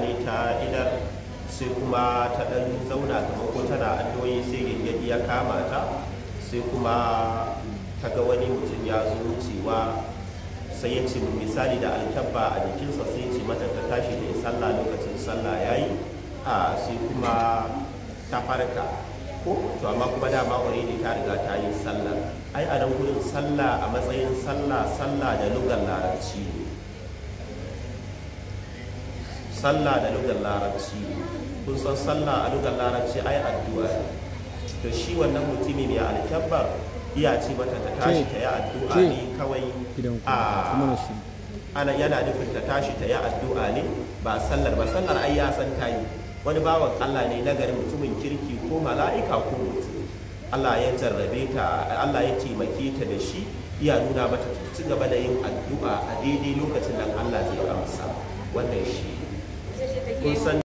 ne ta idar sai kuma ta ɗan zauna kamar ko tana addoyi sai gingadi ya kama ta sai kuma ta ga wani mutum ya zo cewa sai ya ce misali da alkyabba a jikinsa sai ce mata ta tashi da sallah lokacin sallah ya yi a sai kuma ta farka ko to amma kuma dama ne ta riga ta yi sallah ai a nan gudun sallah a matsayin sallah sallah da lugar larabci sallah da lugar larabci kun san sallah a lugar larabci ai addu'a to shi wannan mutumi mai alkyabbar iya ce mata ta tashi ta yi addu'a ne kawai a yana nufin ta tashi ta yi addu'a ne ba sallar ba sallar ai ya san ta yi wani bawan Allah ne na gari mutumin kirki ko mala'ika ko mutum Allah ya jarrabe ta Allah ya taimake ta da shi iya nuna mata ta ci gaba da yin addu'a a daidai lokacin nan Allah kung saan